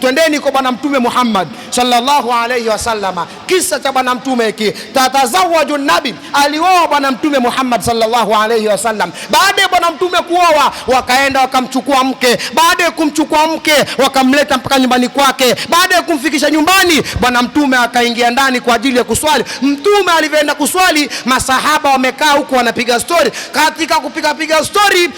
twendeni kwa Bwana Mtume Muhammad sallallahu alayhi wasallam. Kisa cha Bwana Mtume hiki, tatazawaju nabi, alioa Bwana Mtume Muhammad sallallahu alayhi wasallam. Baada ya Bwana Mtume kuoa, wakaenda wakamchukua mke. Baada ya kumchukua mke, wakamleta mpaka nyumbani kwake. Baada ya kumfikisha nyumbani, Bwana Mtume akaingia ndani kwa ajili ya kuswali. Mtume alivyoenda kuswali, masahaba wamekaa huko wanapiga stori. Katika kupigapiga stori,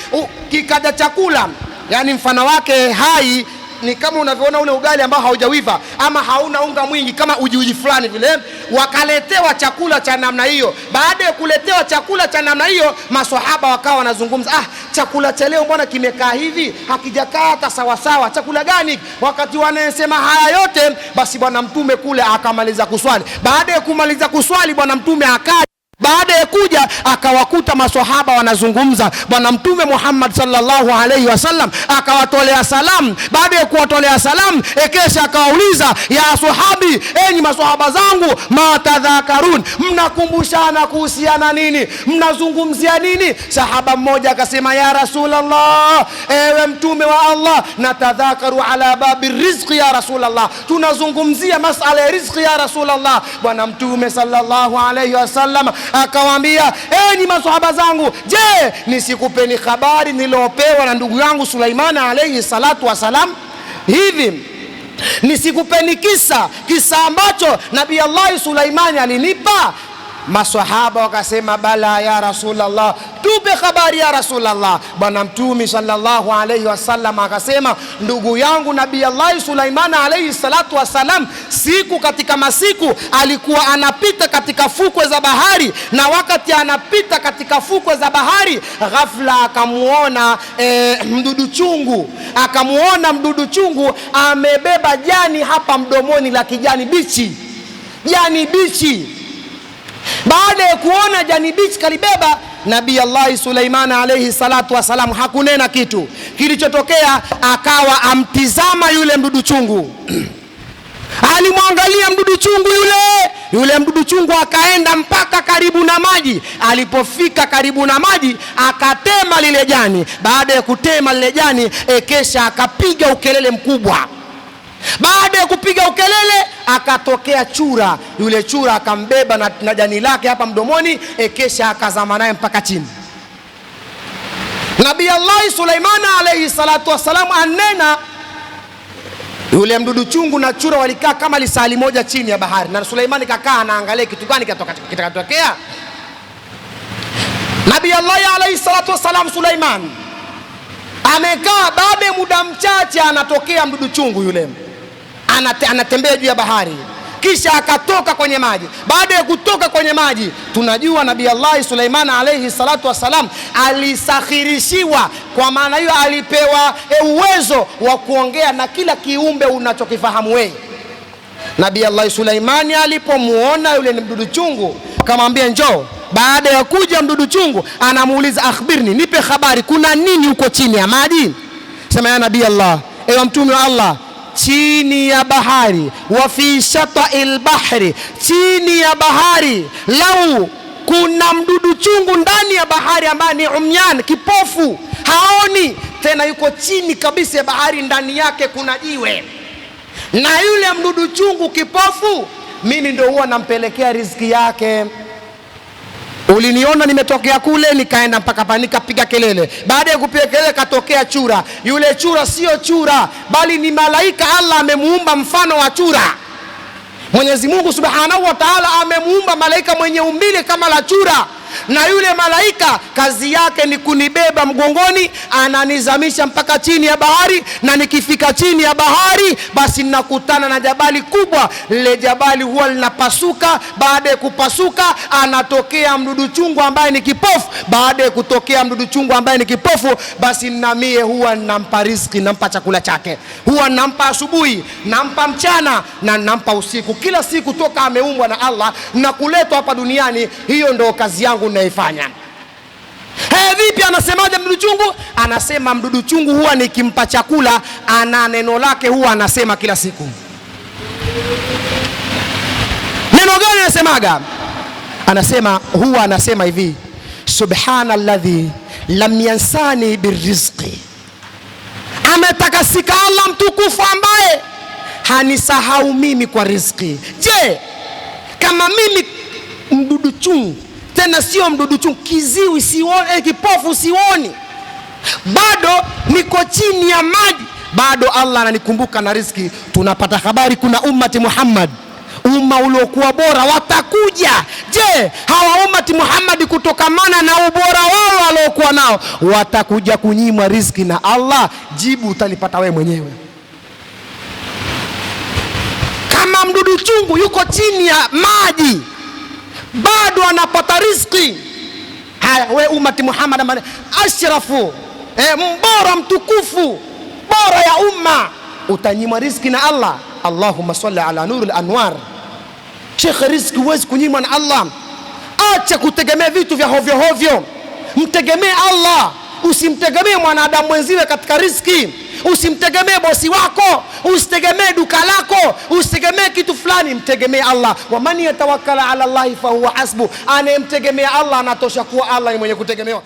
kikaja chakula, yani mfano wake hai ni kama unavyoona ule ugali ambao haujawiva ama hauna unga mwingi, kama ujiuji fulani vile. Wakaletewa chakula cha namna hiyo. Baada ya kuletewa chakula cha namna hiyo, maswahaba wakawa wanazungumza, ah, chakula cha leo mbona kimekaa hivi, hakijakaa hata sawasawa, chakula gani? Wakati wanayesema haya yote, basi Bwana Mtume kule akamaliza kuswali. Baada ya kumaliza kuswali, Bwana Mtume akaja baada ya kuja akawakuta maswahaba wanazungumza, Bwana Mtume Muhammad sallallahu alaihi wasallam akawatolea salamu. Baada ya kuwatolea salamu, ekesha akawauliza ya sahabi, enyi maswahaba zangu, matadhakarun, mnakumbushana kuhusiana nini? Mnazungumzia nini? Sahaba mmoja akasema, ya Rasulullah, ewe mtume wa Allah, natadhakaru ala babi rizqi ya Rasulullah, tunazungumzia masala ya rizqi ya Rasulullah. Bwana Mtume sallallahu alaihi wasallam akawaambia enyi maswahaba zangu, je, nisikupeni habari niliopewa na ndugu yangu Sulaimani alayhi salatu wassalam Hivi nisikupeni kisa kisa ambacho Nabii Allahi Sulaimani alinipa Maswahaba wakasema bala ya Rasulullah, tupe habari ya Rasulullah. Bwana Mtumi sallallahu alaihi wasallam akasema, ndugu yangu Nabii Allahi Sulaimana alaihi salatu wassalam, siku katika masiku alikuwa anapita katika fukwe za bahari, na wakati anapita katika fukwe za bahari, ghafla akamuona e, mdudu chungu, akamuona mdudu chungu amebeba jani hapa mdomoni la kijani bichi, jani bichi baada ya kuona jani bichi kalibeba, Nabii Allahi Suleiman alaihi salatu wassalam hakunena kitu. Kilichotokea akawa amtizama yule mdudu chungu alimwangalia mdudu chungu yule yule mdudu chungu akaenda mpaka karibu na maji. Alipofika karibu na maji, akatema lile jani. Baada ya kutema lile jani, ekesha akapiga ukelele mkubwa. Baada ya kupiga ukelele, akatokea chura. Yule chura akambeba na, na jani lake hapa mdomoni, ekesha akazama naye mpaka chini. Nabii Allahi Sulaimana alaihi salatu wassalamu anena yule mdudu chungu na chura walikaa kama lisali moja chini ya bahari, na Sulaimani kakaa anaangalia kitu gani kitakatokea. Nabii Allahi alaihi salatu wassalam Sulaiman amekaa, baada ya muda mchache anatokea mdudu chungu yule anate, anatembea juu ya bahari kisha akatoka kwenye maji. Baada ya kutoka kwenye maji, tunajua Nabii Allahi Suleiman alayhi salatu wassalam alisakhirishiwa, kwa maana hiyo alipewa e, uwezo wa kuongea na kila kiumbe unachokifahamu wewe. Nabii Allahi Suleimani alipomwona yule ni mdudu chungu, kamwambia njoo. Baada ya kuja mdudu chungu, anamuuliza akhbirni, nipe habari, kuna nini huko chini ya maji? Sema ya Nabii Allah, ewe mtume wa Allah chini ya bahari, wa fi shatai lbahri, chini ya bahari. Lau kuna mdudu chungu ndani ya bahari ambaye ni umyan, kipofu, haoni tena, yuko chini kabisa ya bahari, ndani yake kuna jiwe, na yule mdudu chungu kipofu, mimi ndio huwa nampelekea riziki yake. Uliniona nimetokea kule nikaenda mpaka pale nikapiga kelele. Baada ya kupiga kelele, katokea chura. Yule chura sio chura, bali ni malaika. Allah amemuumba mfano wa chura. Mwenyezi Mungu Subhanahu wa Ta'ala amemuumba malaika mwenye umbile kama la chura na yule malaika kazi yake ni kunibeba mgongoni, ananizamisha mpaka chini ya bahari, na nikifika chini ya bahari, basi ninakutana na jabali kubwa. Lile jabali huwa linapasuka. Baada ya kupasuka, anatokea mdudu chungu ambaye ni kipofu. Baada ya kutokea mdudu chungu ambaye ni kipofu, basi namie huwa nampa riziki, nampa chakula chake, huwa nampa asubuhi, nampa mchana na nampa usiku, kila siku toka ameumbwa na Allah na kuletwa hapa duniani. Hiyo ndo kazi yangu yangu ninaifanya. Hey, vipi? Anasemaje mdudu chungu? Anasema mdudu chungu huwa nikimpa chakula, ana neno lake huwa anasema kila siku. Neno gani anasemaga? Anasema huwa anasema hivi, alladhi lam yansani birizqi, ametakasika Allah mtukufu ambaye hanisahau mimi kwa riziki. Je, kama mimi mdudu chungu tena sio mdudu chungu, kiziwi sioni, eh, kipofu sioni, bado niko chini ya maji, bado Allah ananikumbuka na riziki. Tunapata habari kuna ummati Muhammad, umma uliokuwa bora watakuja. Je, hawa ummati Muhammad kutokamana na ubora wao waliokuwa nao watakuja kunyimwa riziki na Allah? Jibu utalipata wewe mwenyewe. Kama mdudu chungu yuko chini ya maji mtu anapata riziki. Haya, we umati Muhammad ashrafu e, mbora mtukufu bora ya umma, utanyimwa riziki na Allah. Allahumma salli ala nuril anwar. Shekhe, riziki huwezi kunyimwa na Allah. Acha kutegemea vitu vya hovyo hovyo, mtegemee Allah, usimtegemee mwanadamu mwenziwe katika riziki. Usimtegemee bosi wako, usitegemee duka lako, usitegemee kitu fulani, mtegemee Allah. Waman yatawakkala ala llahi fahuwa hasbu, anayemtegemea Allah anatosha kuwa Allah ni mwenye kutegemewa.